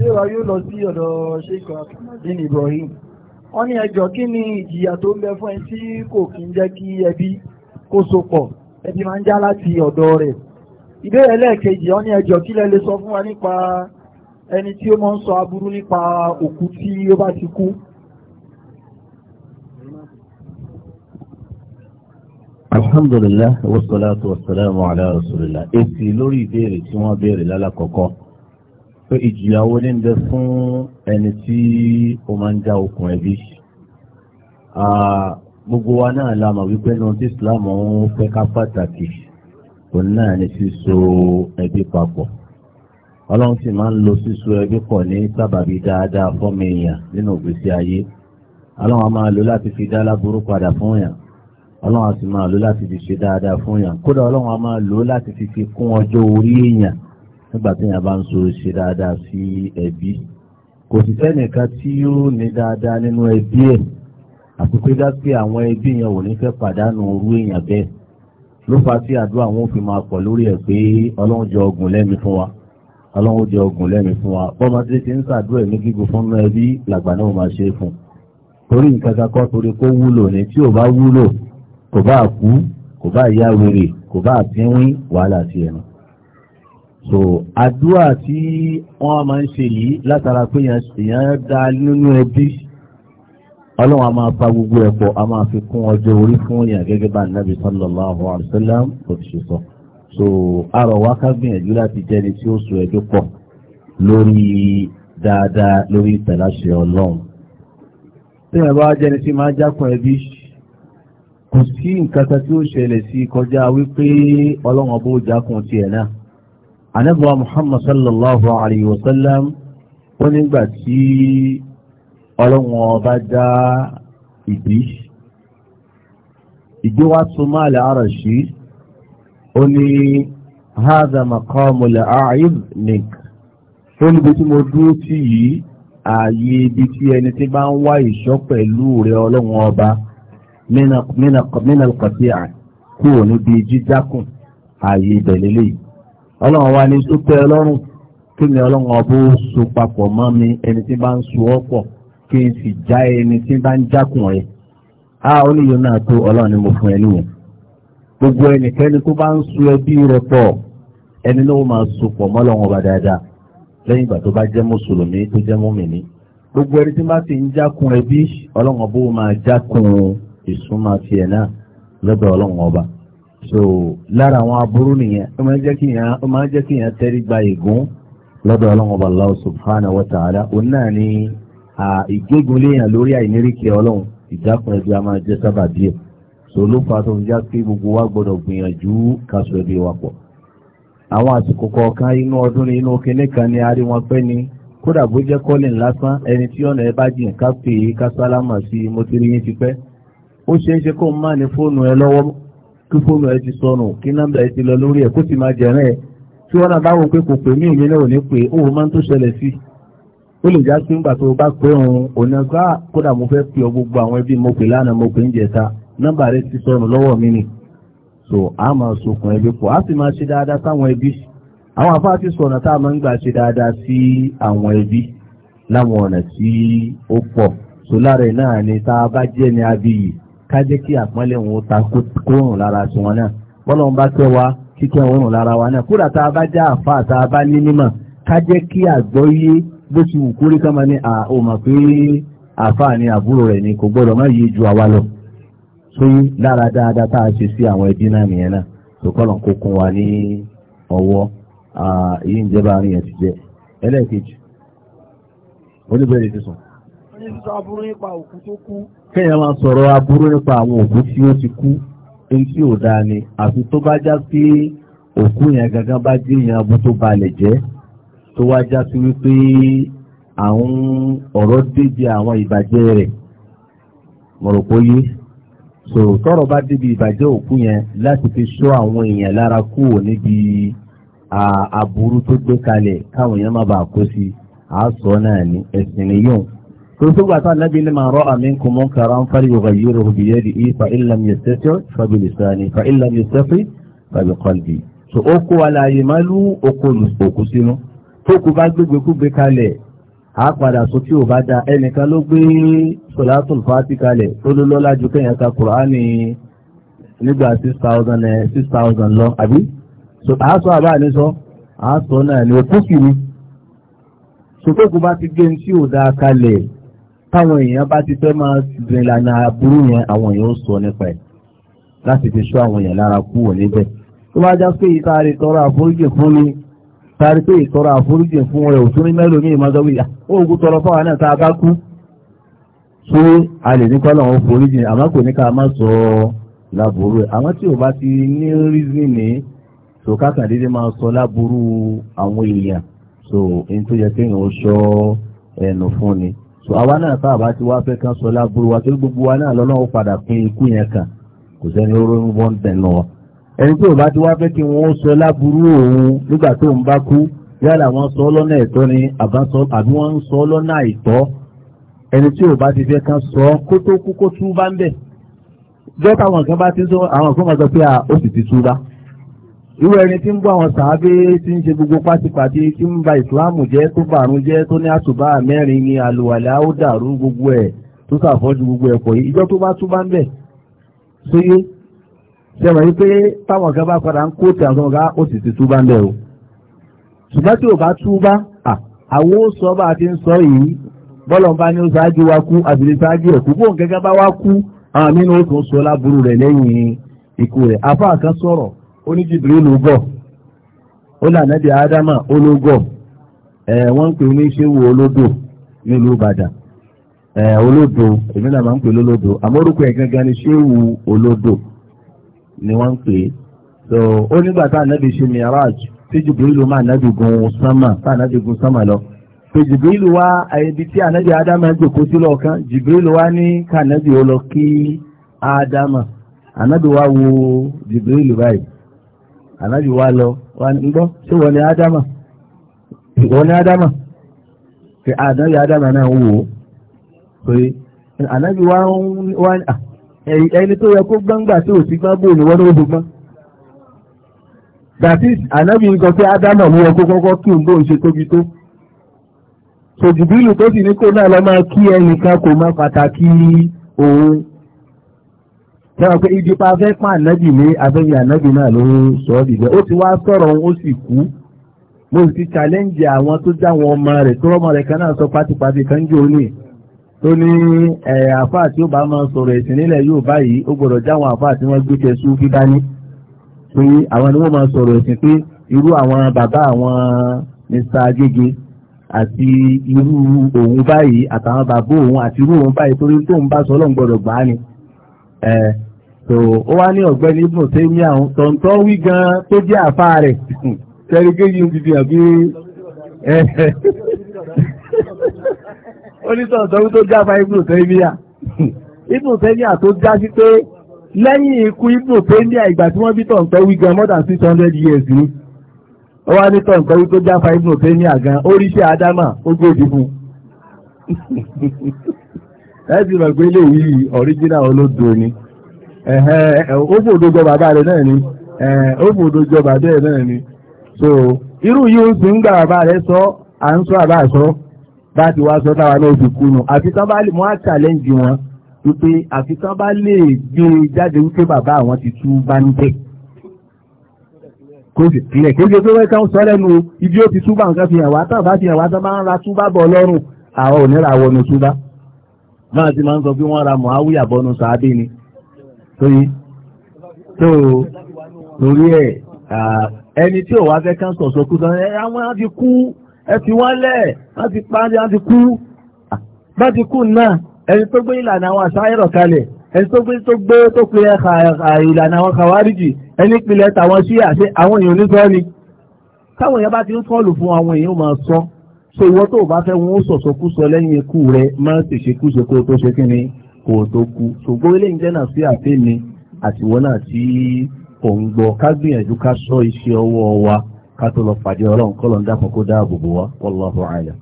léra yóò lọ sí ọ̀dọ̀ ṣéka dín Ibrahim wọ́n ní ẹjọ́ kí ni ìjìyà tó ń bẹ fún ẹ tí kò kí ń jẹ́ kí ẹbí kó so pọ̀ ẹbí máa ń já láti ọ̀dọ̀ rẹ̀ ìbéèrè lẹ́ẹ̀kejì wọ́n ní ẹjọ́ kí lẹ lè sọ fún wa nípa ẹni tí ó máa ń sọ aburú nípa òkú tí ó bá ti kú. alhamdulillah wasalaatu wasalaamu ala rasulillah èsì lórí ìbéèrè tí wọ́n béèrè lálàkọ́kọ́ pé ìjìyàwó ní ń bẹ fún ẹni tí ó máa ń já okùn ẹbí gbogbo wa náà la mọ̀ wípé ní ti Islam ń fẹ́ ká pàtàkì òun náà ni síso ẹbí papọ̀ ọlọ́run sì máa ń lo síso ẹbí pọ̀ ní sábàbí dáadáa fọ́mọ èèyàn nínú ìgbésí ayé ọlọ́run a máa lò láti fi dá láburú padà fún yàn ọlọ́run a sì máa lò láti fi ṣe dáadáa fún yàn kódà ọlọ́run a máa lò láti fi fi kún ọjọ́ orí èèyàn nígbà tí yàn bá ń so ṣe dáadáa sí ẹbí kò sì sẹ́nìkan tí yóò ní dáadáa nínú ẹbí ẹ̀ àti pé dápé àwọn ẹbí yẹn ò ní fẹ́ pàdánù orú èèyàn bẹ́ẹ̀ ló fa sí àdúrà wọn fi máa pọ̀ lórí ẹ̀ pé ọlọ́run jẹ́ ọgùn lẹ́mi fún wa ọlọ́run jẹ́ ọgùn lẹ́mi fún wa bọ́mọ tí ti ń ṣàdúrà ẹ̀mí gígùn fún ọmọ ẹbí làgbà náà máa ṣe fún torí nǹkan kan kọ́ torí kó wúlò ní tí ò bá wúlò kò bá kú kò bá yá wèrè kò bá àtiwín wàhálà sí ẹnu so àdúrà tí wọ́n máa ń ṣe yìí látara pé èèyàn dá nínú ẹbí ọlọ́run a máa fa gbogbo ẹ̀kọ́ a máa fi kún ọjọ́ orí fún èèyàn gẹ́gẹ́ bá nàbì sallallahu alayhi wa sallam kò ti ṣe sọ so àrò wa ká gbìyànjú láti jẹ́ni tí ó so ẹjọ́ pọ̀ lórí dáadáa lórí ìtẹ̀láṣẹ ọlọ́run tí èèyàn bá jẹ́ni tí máa jákun ẹbí kò sí nǹkan kan tí ó ṣẹlẹ̀ sí kọjá wípé ọlọ́run ọbọ̀ ó jákun tiẹ̀ náà anabuwa muhammad sallallahu alayhi wa sallam ó nígbà tí ọlọ́wọ́n ọba dá ìbí ìjọ wa súnmọ́ àlẹ́ àràṣí ó ní haza maqamu la'a'ib nik ó níbi tí mo dúró sí yìí ààyè ibi tí ẹni tí bá ń wá ìṣọ́ pẹ̀lú rẹ ọlọ́wọ́n ọba mínà kọ̀tíà kúrò níbi jíjákùn ààyè ìbẹ̀lẹ́lẹ́yìí ọlọ́run wa ni tó tẹ́ ọlọ́run kí ni ọlọ́run ọbọ̀ so papọ̀ mọ́ mi ẹni tí bá ń so ọ́ kí n sì já ẹni tí bá ń jákùn ẹ̀ á oníyọ náà tó ọlọ́run ni mo fún ẹ nìyẹn gbogbo ẹnikẹ́ni tó bá ń so ẹbí rẹ̀ pọ̀ ẹni ló máa so pọ̀ mọ́ ọlọ́run ọba dáadáa lẹ́yìn ìgbà tó bá jẹ́ mùsùlùmí tó jẹ́ mùmìnì gbogbo ẹni tí bá ti ń jákùn ẹbí ọlọ́run ọba máa jákùn ìsúnmọ́ náà lọ́dọ̀ ọlọ́run ọba. so lára àwọn aburú nìyẹn ó máa jẹ́ kí yẹn ó máa jẹ́ kí tẹ́rí gba ègún lọ́dọ̀ ọlọ́run ọba Allah subhanahu wa ta'ala òun náà ni ìgbégun lórí àìníríkì ọlọ́run a máa jẹ́ sábà díẹ̀ so lo fa tó fi gbogbo wa gbọ́dọ̀ gbìyànjú káṣọ ẹbí wa pọ̀ àwọn àsìkò kọ̀ọ̀kan inú ọdún ni inú kinní kan ni a wọn pẹ́ ni kódà bó jẹ́ kọ́lìn lásán ẹni tí ọ̀nà ẹ bá jìn ká pè é ká sálámà sí i mo ti rí yín ti pẹ́ ó ṣeé kí fóònù ẹ ti sọnù kí nọ́mbà ẹ ti lọ lórí ẹ kó sì máa jẹ̀rán ẹ tí wọ́n náà bá wò pé kò pè mí ìmí náà ò ní pè ó máa ń tó ṣẹlẹ̀ sí i ó lè já sí ńgbà tó o bá pé òun ònàgbà kódà mo fẹ́ pè ọ gbogbo àwọn ẹbí mo pè lánàá mo pè ń jẹta nọ́mbà rẹ ti sọnù lọ́wọ́ mi ni so a máa sokùn ẹbí pọ̀ a sì máa ṣe dáadáa sáwọn ẹbí àwọn afá ti sọ̀nà tá a máa ń gbà ṣe dáadáa sí àwọn ẹbí láwọn ọ̀nà tí ó pọ̀ so lára ẹ̀ náà ni tá a bá jẹ́ ní abiyì ká jẹ́ kí àpọ́nlé òun ta kó rùn lára sí wọn náà bọ́lá wọn bá tẹ́ wa kíkẹ́ òun lára wa náà kódà tá a bá já àfa tá a bá ní nímọ̀ ká jẹ́ kí àgbọ́yé bó ti wù kórí ká máa ní àhòmọ̀ pé àfa ni àbúrò rẹ̀ ni kò gbọ́dọ̀ má yí ju àwa lọ sóyí lára dáadáa tá a ṣe sí àwọn ẹbí náà nìyẹn náà tòkọ́lọ̀ kó kún wa ní ọwọ́ èyí ń jẹ́ bá a rìn ẹ̀ ti jẹ́ ẹlẹ́ẹ̀kejì oníbẹ̀rẹ̀ ti sùn ní sísọ aburú nípa òkú tó kú. kéèyàn máa sọ̀rọ̀ aburú nípa àwọn òkú tí ó ti kú èyí tí ò dáa ni àfi tó bá já sí òkú yẹn gangan bá jẹ́ èèyàn abú tó balẹ̀ jẹ́ tó wá já sí wípé àwọn ọ̀rọ̀ débi àwọn ìbàjẹ́ rẹ̀ mọ̀rọ̀pọ̀ yé so tọ́rọ̀ bá débi ìbàjẹ́ òkú yẹn láti fi ṣọ́ àwọn èèyàn lára kúrò níbi aburú tó gbé kalẹ̀ káwọn èèyàn má bàa kó sí àásọ náà ní ẹ̀sìn nìyóò رسول الله النبي لما رأى منكم منكرا فليغيره بيده فإن لم يستطع فبلسانه فإن لم يستطع فبقلبه so oko wala yemalu oko lusoko sínú tó kù bá gbégbé kú gbé kalẹ̀ a padà so tí ò bá da ẹnìkan ló gbé solatul fati kalẹ̀ tó ló lọ́lá ju kéèyàn ka kùránì nígbà six eh, lọ àbí so a sọ àbá ní sọ a sọ náà ní òkú sì ni so tó ti gbé ní tí da kalẹ̀ táwọn èèyàn bá ti fẹ́ máa rìn ìlànà àbúrú yẹn àwọn èèyàn ó sọ nípa ẹ̀ láti fi ṣọ́ àwọn èèyàn lára kú wọ̀ níbẹ̀ tó bá já pé ìtaari tọrọ àforíjì fún ni taari pé ìtọrọ àforíjì fún rẹ̀ ní mẹ́lòmí ìmọ̀sọ́wì oògùn tọrọ náà tá a bá kú ṣé a lè ní kọ́lọ̀ wọn foríjì àmọ́ kò ní ká má sọ láburú ẹ̀ àwọn tí ti ní rízìn ní sọ àwọn èèyàn so èyí tó so àwa náà tá a bá ti wá fẹ́ kan sọ láburú wa torí gbogbo wa náà lọ́nà ó padà pín ikú yẹn kàn kò sẹ́ni ó ronú bọ́ ń tẹ̀nu ọ. ẹni tí ò bá ti wá fẹ́ kí wọ́n sọ láburú òun nígbà tó ń bá kú yálà wọ́n sọ lọ́nà ẹ̀tọ́ ni àbí wọ́n ń sọ lọ́nà àìtọ́ ẹni tí ò bá ti fẹ́ kan sọ kó tó kú kó túbá ń bẹ̀. jọ́ta àwọn kan bá ti sọ àwọn kan máa sọ pé ó sì ti túbá. irú ẹni tí ń bọ́ àwọn sàábé tí ń ṣe gbogbo pátipàti tí ń ba ìsìláàmù jẹ́ tó bàrún jẹ́ tó ní àtùbá mẹ́rin ni àlùwàlá ó dàrú gbogbo ẹ̀ tó sàfọ́jú gbogbo ẹ̀kọ́ yìí ìjọ tó bá tún bá ń bẹ̀ sóyé sẹ́wọ̀n yìí pé táwọn ọ̀gá bá padà ń kó àwọn ọ̀gá ó sì ti ń o ṣùgbọ́n tí ò bá sọ bá a ti ń sọ oníjìbìrì olùgọ́ ó lànàbí ádámà ológọ́ ẹ̀ wọ́n ń pè ní ṣéwù olodo nílùú ìbàdàn ẹ̀ olódò èmi na ma ń pè lólódò àmórúkọ ẹ̀ gangan ni olódò ni wọ́n ń so ó nígbà tá miraj tí jìbìrì ló gun sama tá ànábì gun lọ pé jìbìrì ló wá tí ànábì ki adama anabi wa ànábì wá lọ wá ń gbọ́ ṣé wọ́n ni ádámà wọ́n ni ádámà pé ànábì ádámà náà ń wò ó pé ànábì wá ń wá ẹni tó yẹ kó gbangba tí ò sí gbá bò ní wọ́n ló gbọ́n that is ànábì ń sọ pé ádámà ló yẹ kó kọ́kọ́ kí n bó ń ṣe tóbi tó sòjùbílù tó sì ní kó náà lọ máa kí ẹnìkan kò má pàtàkì òun lẹ́wọ̀n pé ibi pa afẹ́ pa ànábì ní abẹ́yẹ ànábì náà ló sọ ọ́ ó ti wá sọ̀rọ̀ ó sì kú mo sì challenge àwọn tó já àwọn ọmọ rẹ̀ tó rọ́mọ rẹ̀ kan náà sọ pátipàti kan jò ní tó ní àfáà tí ó bá máa sọ̀rọ̀ ẹ̀sìn nílẹ̀ yóò báyìí ó gbọ́dọ̀ já àwọn àfáà tí wọ́n gbé tẹ̀sú fídání pé àwọn ni wọ́n máa sọ̀rọ̀ ẹ̀sìn pé irú àwọn bàbá àwọn Mr. Agége àti irú òun báyìí àtàwọn bàbá òun àti irú òun báyìí torí tóun bá sọ ọlọ́run gbọ́dọ̀ gbà á ni so ó wá ní ọ̀gbẹ́ni ibùn tó ní àwọn tọ̀ntọ́ wí gan tó jẹ́ àfá rẹ̀ tẹ́rí kéjì ń dìdì àbí ẹ̀ẹ́ onítọ̀ntọ́ wí tó jẹ́ àfá ibùn tó ní à ibùn tó ní à tó já sí pé lẹ́yìn ikú ibùn tó ní à ìgbà tí wọ́n bí tọ̀ntọ́ wí gan more than six hundred years ni ó wá ní tọ̀ntọ́ wí tó jẹ́ àfá ibùn tó ní à gan oríṣẹ́ àdámà ogójì fún ẹ ti mọ̀ pé lè wí ọ̀ríjínà olódo ni. ó fòdójọ bàbá rẹ̀ náà ni ó fòdójọ bàbá rẹ̀ náà ni so irú yìí ń gbà sọ à ń sọ àbá sọ bá ti wá sọ táwa náà fi kú nù bá lè wọn wípé bá lè gbé e jáde wípé bàbá àwọn ti tú bá ń tẹ̀ sì tó wẹ́ káwọn ibi ó ti túbà nǹkan fi hàn wá tán bá fi hàn wá tán máa ń ra túbà bọ̀ lọ́rùn àwọn ò ní ra wọnú túbà náà ti máa torí tó torí ẹ̀ ẹni tí ò wá fẹ́ káńsọ̀ sọ kú sọ́n ẹ̀rọ àwọn á ti kú ẹ ti wọ́n lẹ̀ á ti parí á ti kú bá ti kú náà ẹni tó gbé ìlànà àwọn àṣàyẹ̀rọ̀ kalẹ̀ ẹni tó gbé tó gbé tó pe ìlànà àwọn kàwárìjì ẹni pilẹ̀ tàwọn sí àṣẹ àwọn èèyàn ní sọ́ọ́ ni káwọn èèyàn bá ti ń fọ́ọ̀lù fún àwọn èèyàn máa sọ so ìwọ tó o bá fẹ́ wọn ó sọ̀sọ̀kú sọ lẹ́yìn ikú rẹ má ṣèṣekú ṣe kó o tó ṣe kí ni kò tó kú ṣùgbọ́n eléyìí jẹ́ náà sí àfẹ́mi àtiwọ́ náà tí kò ń gbọ́ ká gbìyànjú ká sọ iṣẹ́ ọwọ́ wa ká tó lọ pàdé ọlọ́run kọ́lọ̀ ń dákun kó dáàbò bò wá wallahu a'lam.